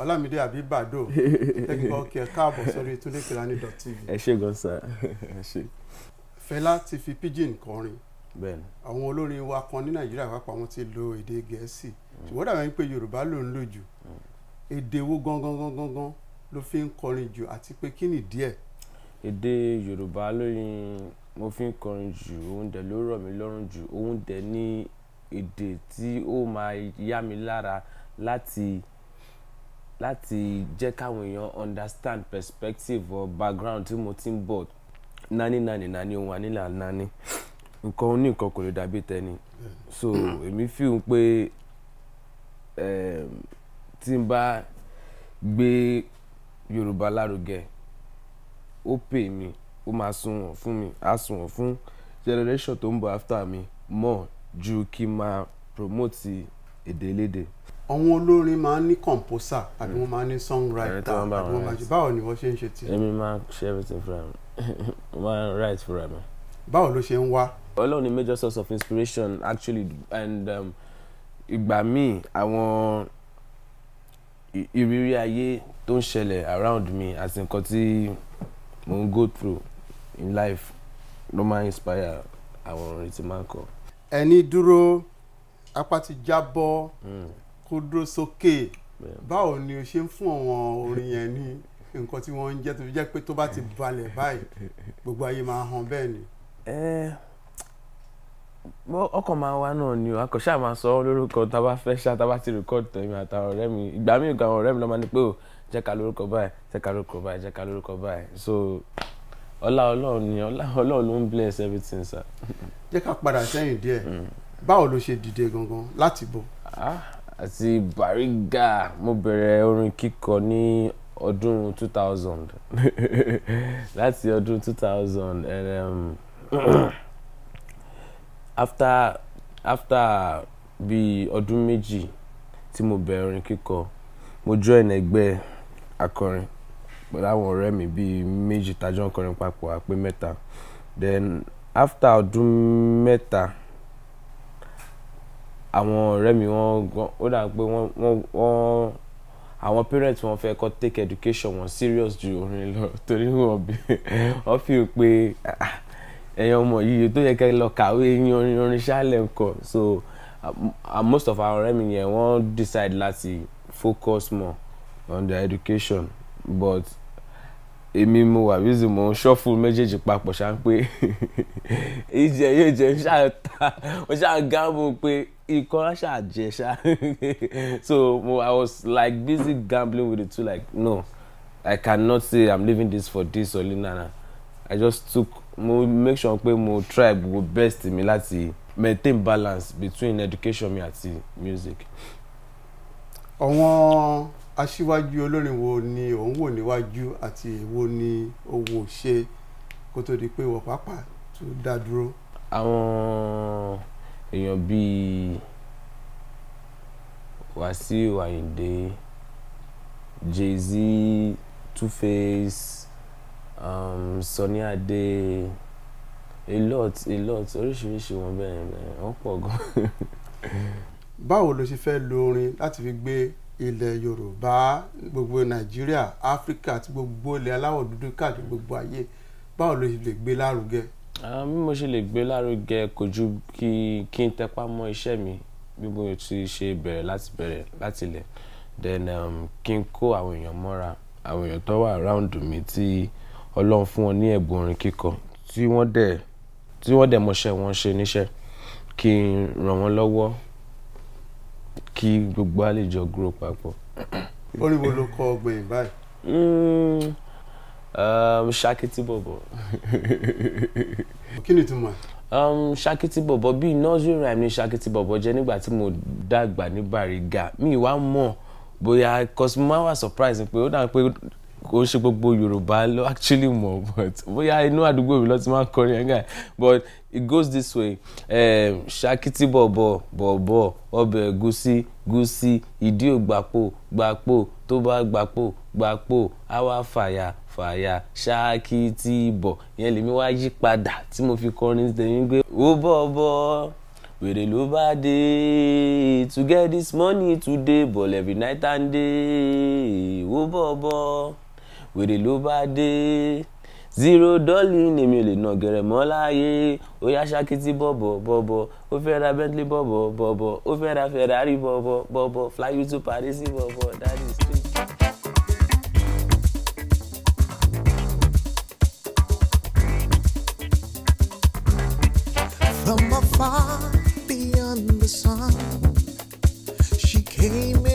ọlámídé àbíbàdó tẹkíkọ kí ẹ káàbọ̀ sórí tundekelani.tv. ẹ ṣe gan sa ẹ ṣe. fẹlá ti fi pidgin kọrin àwọn olórin wa kan ní nàìjíríà pàápàá wọn ti lo èdè gẹ̀ẹ́sì ṣùgbọ́n dàbí pé yorùbá ló ń lò jù èdè wo gangan gangan gangan ló fi ń kọrin jù àti pé kí ni díẹ̀. èdè yorùbá lóyún mo fi ń kọrin jù òun dẹ̀ ló rọ̀ mí lọ́rùn jù òun dẹ̀ ní èdè tí ó máa yá mi lára láti. La láti jẹ́ káwọn èèyàn understand perspective or background tí mo ti ń bọ̀ nání nání nání ohun ànílà nání nǹkan oní nǹkan kò lè dàbí tẹni so èmi feel pé ehm, tí n bá gbé Yorùbá lárugẹ ó pè mí ó máa sunwọ̀n fún mi á sunwọ̀n fún generation tó ń bọ̀ after mi mọ̀ ju kí n máa promote èdè elédè àwọn olórin máa ń ní composer àbí wọ́n máa ń ní songwriter àbí wọ́n máa ń ṣe báwo ni wọ́n ṣe ń ṣe tiẹ̀. èmi máa ń ṣe everything fúnra mi mo máa ń write for mi. báwo ló ṣe ń wá. ọlọ́run ni major source of inspiration actually and um, ìgbà um, míì àwọn ìrírí ayé tó ń ṣẹlẹ̀ around me àti nǹkan tí mo ń go through in life ló máa ń inspire àwọn orin tí máa ń kọ. ẹni dúró apá ti já Mm kó dúró sókè báwo ni o ṣe ń fún àwọn orin yẹn ní nǹkan tí wọ́n ń jẹ́ tó jẹ́ pé tó bá ti balẹ̀ báyìí gbogbo ayé máa hàn bẹ́ẹ̀ ni. ọkàn máa wá náà ni o akọ̀ṣà máa sọ ọ́ lórúkọ tá a bá fẹ́ ṣá tá a bá ti rìkọ́ọ̀dù tán èmi àtàwọn ọ̀rẹ́ mi ìgbà míì gan àwọn ọ̀rẹ́ mi ló máa ní pé o jẹ́ ká lórúkọ báyìí jẹ́ ká lórúkọ báyìí jẹ́ ká lórúkọ báyìí so ọlá ọlọ́run ni ọlá ọlọ́run ló ń bless everything sir. jẹ́ ká padà sẹ́yìn díẹ̀ báwo ló ah àti bàrígà mo bẹ̀rẹ̀ orin kíkọ ní ọdún 2000 láti ọdún 2000 and um, after after bíi ọdún méjì tí mo bẹ̀rẹ̀ orin kíkọ mo join ẹgbẹ́ akọrin pẹ̀lú àwọn ọ̀rẹ́ mi bíi méjì tájọ́ ń papọ̀ àpé mẹ́ta then after ọdún mẹ́ta àwọn ọ̀rẹ́ mi wọ́n gan ó dà pé wọ́n wọ́n àwọn parents wọn fẹ́ kọ́ take education wọn serious ju orin lọ torí wọn bí wọ́n fi pé ah, ẹ̀yin ọmọ yìí tó yẹ kẹ́ lọ kàwé yín orin orin ṣáàlẹ̀ nǹkan so uh, most of our ọ̀rẹ́ mi yẹn wọ́n decide láti focus more on their education but èmi mo wà bísí mo ń ṣọ́fù méjèèjì papọ̀ ṣá pé ìjẹ́ yóò jẹ́ ṣáà ta mo ṣáà gáàbò pé ìkọ́ra ṣàjẹ́ ṣá so mo i was like busy gambling with the two like no i cannot say i'm leaving this for this or linana i just took mo make sure pé mo try gbogbo best mi láti maintain balance between education mi ati music. àwọn aṣíwájú olórin wo ni òun wò níwájú àti èwo ni owó ṣe kó tó di pé ìwọ pàápàá tún dá dúró. àwọn. Um, èèyàn bíi Wasiu Ayinde Jay-Z Tuface um, Sunny Ade a lot a lot oríṣiríṣi wọn bẹ́ẹ̀ bẹ́ẹ̀ wọ́n pọ̀ gan. báwo ló ṣe fẹ́ lo orin láti fi gbé ilẹ̀ Yorùbá gbogbo Nàìjíríà Áfíríkà àti gbogbo ilẹ̀ aláwọ̀ dúdú káàkiri gbogbo ayé báwo ló ṣe lè gbé lárugẹ bí mo ṣe lè gbé lárugẹ kò ju kí kí n tẹpá mọ́ iṣẹ́ mi bí mo ti ṣe bẹ̀rẹ̀ láti bẹ̀rẹ̀ láti ilẹ̀ then um, kí n kó àwọn èèyàn mọ́ra àwọn èèyàn tó wà around mi tí ọlọ́run fún wọn ní ẹ̀bùn orin kíkọ tí wọ́n dẹ̀ tí wọ́n dẹ̀ mọṣẹ́ wọn ṣe níṣẹ́ kí n ràn wọ́n lọ́wọ́ kí gbogbo àlejò grow papọ̀. orí kọ ọgbìn báyìí. Hmm um, ṣakiti bọ̀bọ̀. kí ni ìtumọ̀ um, ṣakiti bọ̀bọ̀ bíi nursery rhyme ni ṣakiti bọ̀bọ̀ jẹ́ nígbà tí mo dàgbà ní Bariga mi wá mọ̀ bóyá cosmo wa surprise pé ó dà pé kò ṣe gbogbo yorùbá ló actually mọ̀ but bóyá inú àdúgbò mi ló ti máa ń kọrin ẹ̀gá but it goes this way ehm, ṣakiti bọ̀bọ̀ bọ̀bọ̀ ọbẹ̀ ẹ̀gúsí gúsí ìdí ògbàpò gbàpò tó bá gbàpò gbàpò àwa fàyà fàyà ṣakiti bọ̀ yẹn lèmi wá yí padà tí mo fi kọrin tèmi gbé ó bọ̀ bọ̀ wèrè ló bá dé to get this money today but every night and day ó bọ̀ wèrè ló bá dé zero dọ́lì lèmi ò lè nà gẹ̀rẹ̀ mọ́ láàyè ó yá ṣákìtì bọ̀bọ̀ bọ̀bọ̀ ó fẹ́ ra bentley bọ̀bọ̀ bọ̀bọ̀ ó fẹ́ ra ferrari bọ̀bọ̀ bọ̀bọ̀ fly you to paris bọ̀bọ̀ that is true. From afar beyond the sun, she came.